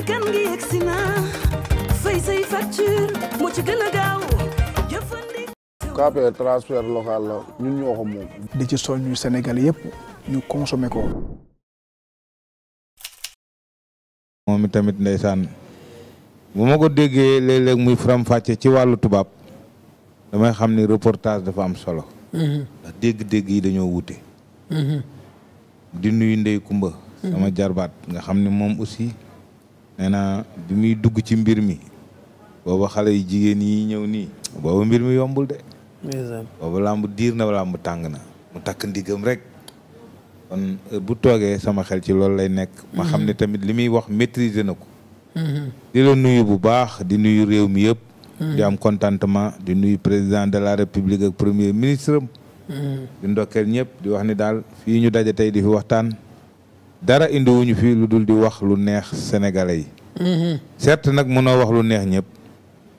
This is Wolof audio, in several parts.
African local la ñun ñoo ko moom. di ci soñ ñu Sénégal yëpp ñu consommé ko. moom tamit ndeysaan bu ma ko déggee léeg-léeg muy faram-fàcce ci wàllu tubaab damay xam ni reportage dafa am solo. Mhm. ndax dégg-dégg yi dañoo wute. Mhm. di nuyu Ndey Kumba. Mhm. sama jarbaat nga xam ni moom aussi. nee na bi muy dugg ci mbir mi booba xale yi jigéen yi ñëw nii booba mbir mi yombul de booba làmb diir na làmb tàng na mu takk ndigam rek kon bu toogee sama xel ci loolu lay nekk ma xam ne mhm. tamit li muy wax maîtriser na ko mhm. di la nuyu bu baax di nuyu réew mi yëpp mhm. di am contentement di nuyu président de la république ak premier ministre am di ndokkeel ñëpp di wax ni daal fii ñu daje tey di fi waxtaan dara indiwuñu fii lu dul di wax lu neex sénégalais yi. Mm-hmm. certes nag mënoo wax lu neex ñëpp.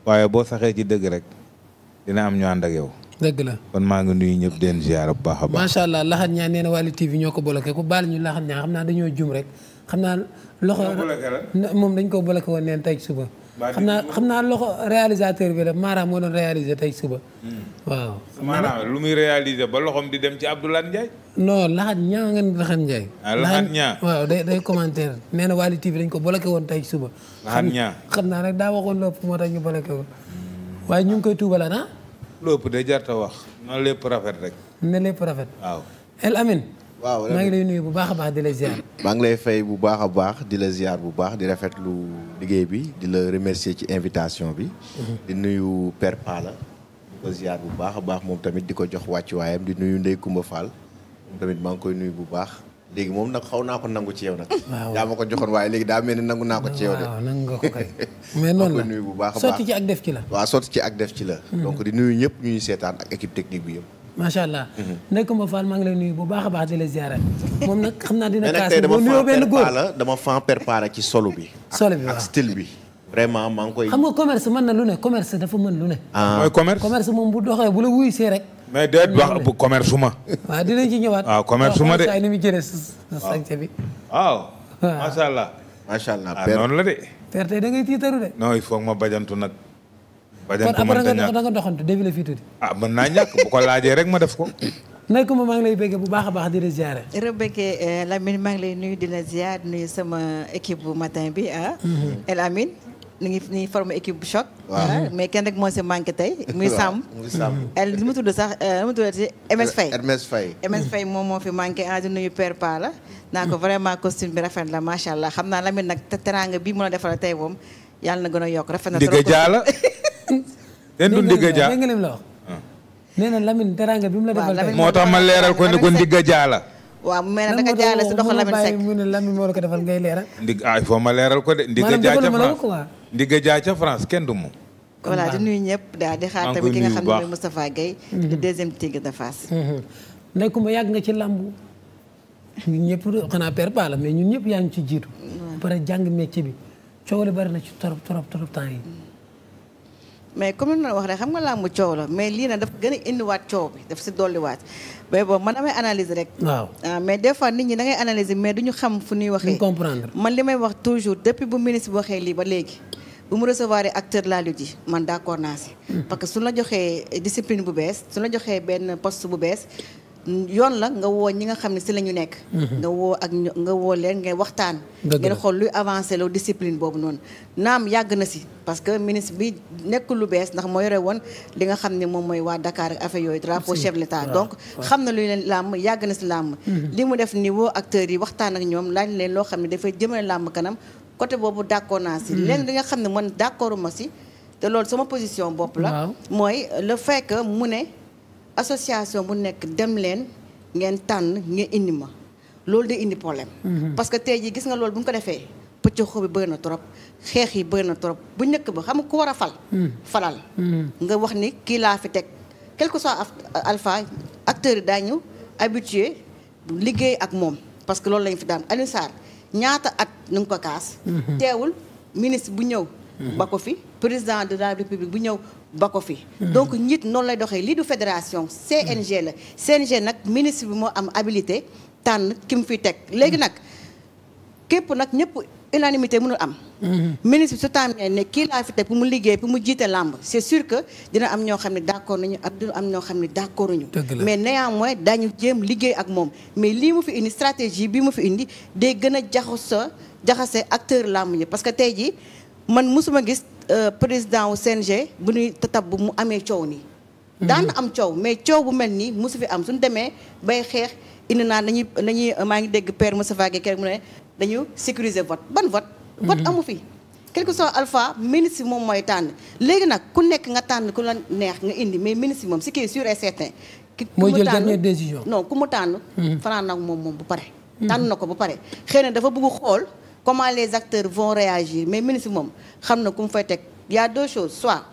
waaye boo saxee ci dëgg rek dina am ñu ànd ak yow. dëgg la kon maa ngi nuyu ñëpp den ziar bu baax a baax. macha allah laxat ñaa nee na Waly TV ñoo ko bloqué ku baal ñu laxat ñaa xam naa dañoo jum rek xam naa. loxo moom dañ ko bloqué woon neen tey suba. xam naa xam naa loxo réalisateur bi la Mara moo doon réaliser tey suba. Hmm. waaw. lu muy réaliser ba loxoom di dem ci Abdoulaye Ndiaye. non laxat ñaa ngeen laxat Ndiaye. ah laxat ñaa waaw day day commentaire nee na Waly TV dañ ko bloqué woon tey suba. laxat ñaa xam naa rek daa waxoon lépp moo tax ñu bloqué woon waaye ñu ngi koy tuubalaan ah. lépp de jarta wax na lépp rafet rek. na lépp rafet. waaw El Amin. waaw maa ngi nuyu bu baax a baax di la ziar. maa ngi lay fay bu baax a baax di la ziar bu baax di rafetlu liggéey bi di la remercier ci invitation bi. Mhm. di nuyu Père Pala. di ko bu baax a baax moom tamit di ko jox wàccuwaayam di nuyu Ndeye kumba Fall. moom tamit maa koy nuyu bu baax. léegi moom nag xaw naa ko nangu ci yow nag. waaw daa ma ko joxoon waaye léegi daa mel ni nangu naa ko ci yow de. waaw nangu noonu la nuyu bu baax a baax sotti ci ak def ci la. waaw sotti ci ak def ci la. Mhm. donc di nuyu ñëpp ñuy seetaan ak équipe technique bi yëpp. macha allah. Mhm. nekk ma Fall maa ngi nuyu bu baax a baax di la ziyaara moom nag xam naa dina kaas boo nuyoo benn góor dama fan perpara ci solo bi. solo bi waaw ak style bi. vraiment maa ngi koy. xam nga commerce mën na lu ne commerce dafa mën lu ne. Ah. mooy commerce moom bu doxee bu la wuy see rek. mais déet wax bu commerce ma. waaw dinañ ci ñëwaat. waaw ah, commerce su ma de waaw ni muy jëlee sañse bi. waaw macha allah. macha allah ah, père noonu la de. père tey da ngay tiitaru de. non il faut ma bajantu nag. ba dem ko mën a nga doxantu défilé fii tuuti ah mën naa ñàkk bu ko laajee rek ma def ko nay ko ma maa ngi lay béggee bu baax a baax di la ziare Rebeke eh, Lamine maa ngi lay nuyu di la ziar nuyu sama équipe bu matin bi ah mhm. El Amine ni ngi ni forme équipe bu choc. Ah, mais kenn rek moo si manqué tey. muy Samb muy Samb. Mhm. li mu tudd sax li eh, mu tudd MS Faye. MS Faye. MS Faye moom moo fi manqué ah di nuyu père Pa la. naa ko mhm. vraiment costume bi rafet la macha allah xam naa Lamine nag teranga bii mën a defal tey moom yàlla na gën a yokk rafet na. trop kenn du ndigga jaa dégg la wax ah. na Lamine teraanga bi mu la defal moo tax ma leeral ko ne ko ndigga jaa la waaw mu mel ne da nga jaale si doxu Lamine Seck moo la ko defal ngay leeral ndig ah il faut ma leeral ko de ndigga jaa ca France ndigga jaa ca France kenn du moom voilà di nuyu ñëpp daal di xaar tamit ki nga xam ne mooy Moustapha Guèye le mhm. deuxième de Fass mhm. ndey Kumba yàgg nga ci làmb ñun ñëpp xanaa père pas la ñëpp yaa ngi ci jiitu pare jàng métier bi coow li bari na ci torop torop torop temps yi mais comme na ma wax rek xam nga làmb coow la mais lii nag dafa gën a indiwaat coow bi daf si dolliwaat mais bon man damay analyser rek. waaw ah, mais des fois nit ñi da ngay mais du ñu xam fu ñuy waxee. comprendre man li may wax toujours depuis bu ministre bi waxee lii ba léegi. bu mu recevoir acteur la lutte yi man d'accord naa si. Hmm. parce que su la joxee discipline bu bees su la joxee benn post bu bees. yoon la nga woo ñi nga xam ne si la ñu nekk. Mhm. nga woo ak nga woo leen ngay waxtaan. ngeen xool luy avancé la discipline boobu noonu. naam yàgg na si parce que ministre bi nekk lu bees ndax moo yore woon li nga xam ne moom mooy waa dakaar ak affaire yooyu drapeau chef de donc xam na lu leen làmb yàgg na si làmb. Mhm. li mu def ni woo acteurs yi waxtaan ak ñoom laaj leen loo xam ne dafay jëmale làmb kanam côté boobu d'accord naa mhm. li nga xam ne man d'accord ma si te loolu sama position bopp la. mooy la fait mu ne. association bu nekk dem leen ngeen tànn ngeen indi ma loolu de indi problème. Mhm. parce que tey jii gis nga loolu bu ñu ko defee pëccëxoo bi bëri na trop xeex yi bëri na trop bu njëkk ba xam nga ku war a fal. Mhm. falal. Mhm. nga wax ni kii laa fi teg quelque soit alpha acteurs yi daañu habitué liggéey ak moom parce que loolu lañu fi daan Alioune Sarr ñaata at nu ngi ko kaas. teewul ministre bu ñëw. ba ko fi président de la république bu ñëw ba ko fi. Hmm. donc njiit noonu lay doxee lii du fédération CNG hmm. la CNG nag ministre bi moo am habilité tànn ki mu fi teg léegi hmm. nag képp nag ñëpp unanimité mënul am. ministre bi su tàmmee ne kii laa fi teg pour mu liggéey pour mu jiite làmb c' sur que dina am ñoo xam ne d' accord nañu ak dina am ñoo xam ne d' accord nañu. mais mooy dañu jéem liggéey ak moom mais lii mu fi indi stratégie bi mu fi indi day gën a jaxasoo jaxase acteur làmb yi parce que tey jii man mosuma gis. Euh, président wu CNG bu ñuy tatab bu mu amee coow nii. daan am coow mais coow bu mel nii mosu fi am suñu demee bay xeex indi naa nañuy nañuy euh, maa ngi dégg père Moussa Fage keroog mu ne dañu sécuriser vote ban vote. Mm-hmm. vote amu fi. quel que soit alpha ministre moom mooy tànn léegi nag ku nekk nga tànn ku la neex nga indi mais ministre moom ce qui est sûr et certain. mooy jël dernière décision non ku mu tànn. Mm-hmm. fanaan nag moom moom bu pare. Mm-hmm. tànn na ko bu pare xëy na dafa bëgg xool. comment les acteurs vont réagir mais ministre moom xam na ku mu fay teg y a deux choses soit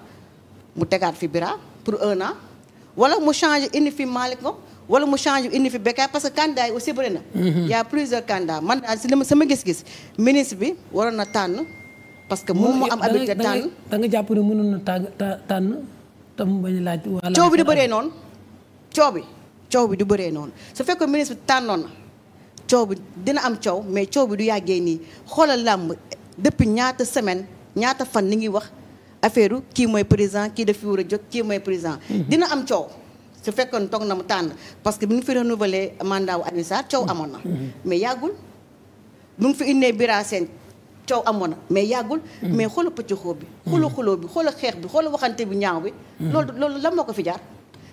mu tegaat fi Bira pour un an wala mu changer indi fi Malick Ngom wala mu changer indi fi Bécaye parce que candidat yi aussi bëri na. Mhm. y a plusieurs candidats man ah, si sama gis-gis ministre bi waroon na tànn. parce que moom mu am habilité tànn da nga jàpp ne mënoon na tànn te mu bañ laaj. coow bi du bëree noonu coow bi coow bi du bëree noonu su fekkee ministre bi tànnoon na. coow bi dina am coow mais coow bi du yàggee nii xoolal làmb depuis ñaata semaine ñaata fan li ngi wax affaire kii mooy président kii dafi war a jóg kii mooy président mhm. dina am coow su fekkoon toog na mu tànn parce que bi ñu fi renouveler mandat wu Adji Sarr mhm. amoon na mhm. mais yàggul bu ngi fi indee Bira Sène coow amoon na mais yàggul mais xoola pëcc xoo bi xoola xuloo bi xoola xeex bi xoola waxante bi ñaaw bi loolu loolu lan moo ko fi jaar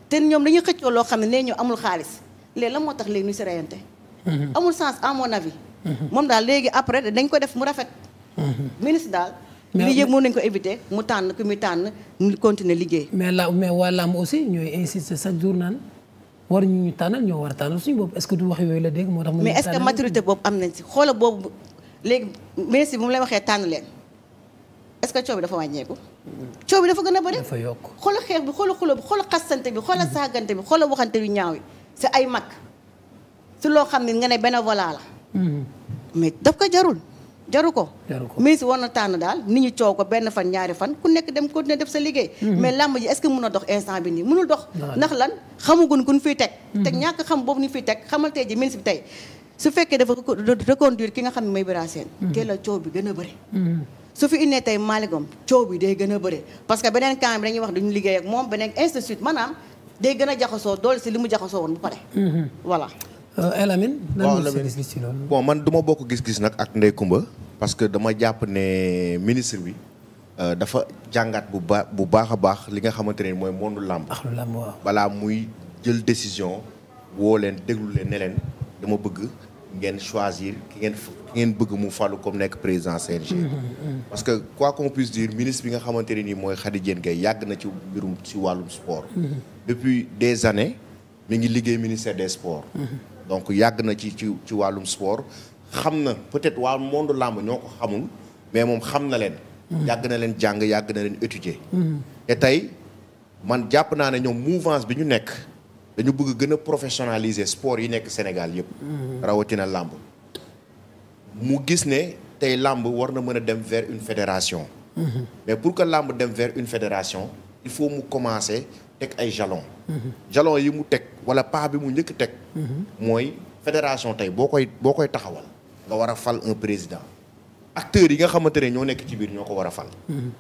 te ñoom dañuy xëccoo loo xam ne nee ñoo amul xaalis léegi lan moo tax léegi ñu si reyante Mm-hmm. amul sens à mon avis. Mm-hmm. moom daal léegi après dañ ko def mu rafet. Mm-hmm. ministre daal. mais lii yëpp mën ko éviter mu tànn ku muy tànn mu liggéey. mais la mais waa làmb aussi ñooy insister chaque jour naan war ñu ñu tànnal ñoo war a tànnal suñu bopp est que du wax yooyu la dégg moo tax. mais est am nañ si xoola boobu léegi ministre bi mu lay waxee tànn leen est-ce que coow bi dafa wàññeeku. coow bi dafa gën a bëri. dafa yokk xoola xeex bi xoola xulo bi xoola xasante bi xoola saagante bi xoola waxante bi ñaaw ay mag. loo xam ne nga ne bénévolat la. Mm-hmm. mais daf ko jarul jaru ko. jaru ko ministre war tànn daal nit ñi coow ko benn fan ñaari fan ku nekk dem continuer def sa liggéey. Mm-hmm. mais làmb ji est-ce que mun a dox instant bi nii munul dox. ndax lan xamugun ku ñu fiy teg. Mm-hmm. te ñàkk xam boobu ñu fiy teg xamal tey ji ministre bi tey su fekkee dafa reconduire ki nga xam ne mooy Bira Sène. teel a coow bi gën a bëri. su fi indee tey maaligom coow bi day gën a bëri parce que beneen camp bi dañuy wax duñu liggéey ak moom beneen institut maanaam day gën a jaxasoo doole si li mu jaxasoo woon bu pare. voilà. Euh, El Amine waaw gis-gis bon man duma bokk gis-gis nag ak Ndeye Comba parce que dama jàpp ne ministre bi euh, dafa jàngat bu ba bu baax a baax li nga xamante ne mooy monde làmb balaa muy jël décision woo leen déglu leen ne leen dama bëgg ngeen choisir ki ngeen ki ngeen bëgg mu fàllu comme nekk présidence CNG. Mm-hmm, mm-hmm. parce que quoi qu'on puisse dire ministre bi nga xamante ne nii mooy Khady Diène Gaye yàgg na ci mbirum ci wàllum sport. Mm-hmm. depuis des années mu ngi liggéey ministère des sports. donc yàgg na ci ci ci wàllum sport xam na peut-être waa monde làmb ñoo ko xamul mais moom xam na leen. yàgg na leen jàng yàgg na leen étudier. Mm. te tey man jàpp naa ne ñoom mouvance bi ñu nekk dañu bëgg gën a professionnaliser sport yi nekk Sénégal yëpp. Mm. rawatina làmb mu gis ne tey làmb war na mën a dem vers une fédération. Mm-hmm. mais pour que làmb dem vers une fédération il faut mu commencer. teg ay jalon jalon yi mu teg wala pas bi mu njëkk teg mooy fédération tey boo koy boo koy taxawal nga war a fal un président acteurs yi nga xamante ne ñoo nekk ci biir ñoo ko war a fal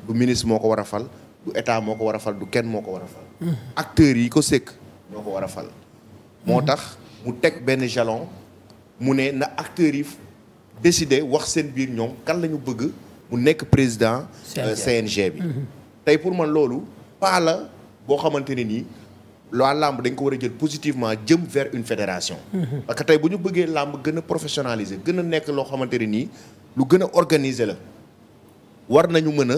du ministre moo ko war a fal du état moo ko war a fal du kenn moo ko war a fal acteur yi ko sekk ñoo ko war a fal moo tax mu teg benn jalon mu ne na acteurs yi décider wax seen biir ñoom kan la ñu bëgg mu nekk président CNG euh, bi mm-hmm. tey pour man loolu pas la boo xamante ne nii loi làmb dañ ko war a jël positivement jëm vers une fédération. parce que tey bu ñu bëggee làmb gën a professionnaliser gën a nekk loo xamante ne nii lu gën a organiser la war nañu mën a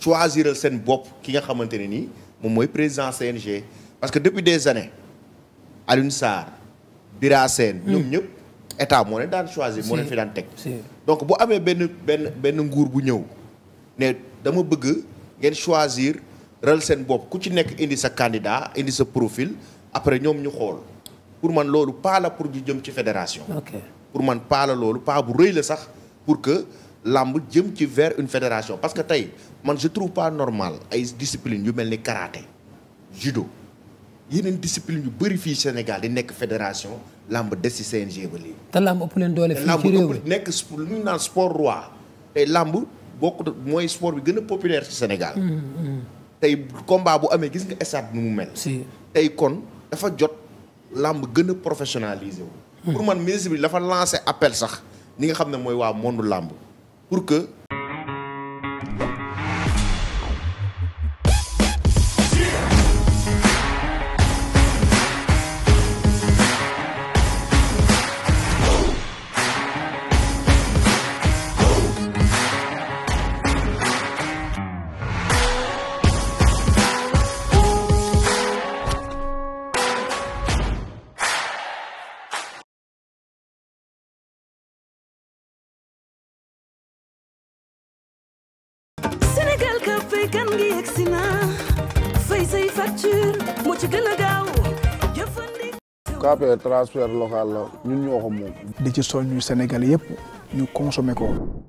choisiral seen bopp ki nga xamante ne nii moom mooy président CNG. parce que depuis des années Alioune Sarr Bira Sène hmm. ñoom ñëpp état moo leen daan choisir. moo leen fi daan teg. donc bu amee benn benn benn nguur bu ñëw ne dama bëgg ngeen choisir. ral seen bopp ku ci nekk indi sa candidat indi sa profil après ñoom ñu xool pour man loolu pas la pour ñu jëm ci fédération. pour man pas loolu pas bu rëy la sax pour que làmb jëm ci vers une fédération parce que tey man je trouve pas normal ay discipline yu mel ni karaté judo yeneen discipline yu bëri fii Sénégal di nekk fédération làmb des ci CNG ba léegi. te làmb ëpp leen doole fii ci réew mi nekk lu ñu naan sport roi tey làmb bokk mooy sport bi gën a populaire ci Sénégal. Mm, mm. tey combat bu amee gis nga stade nu mu mel. si tey kon dafa jot làmb gën a wu. Hmm. pour man ministre bi dafa lancé appel sax ñi nga xam ne mooy waa monde làmb pour que. agsi na fay say facture local la ñun ñoo moom di ci soññu Sénégal yëpp ñu consommer ko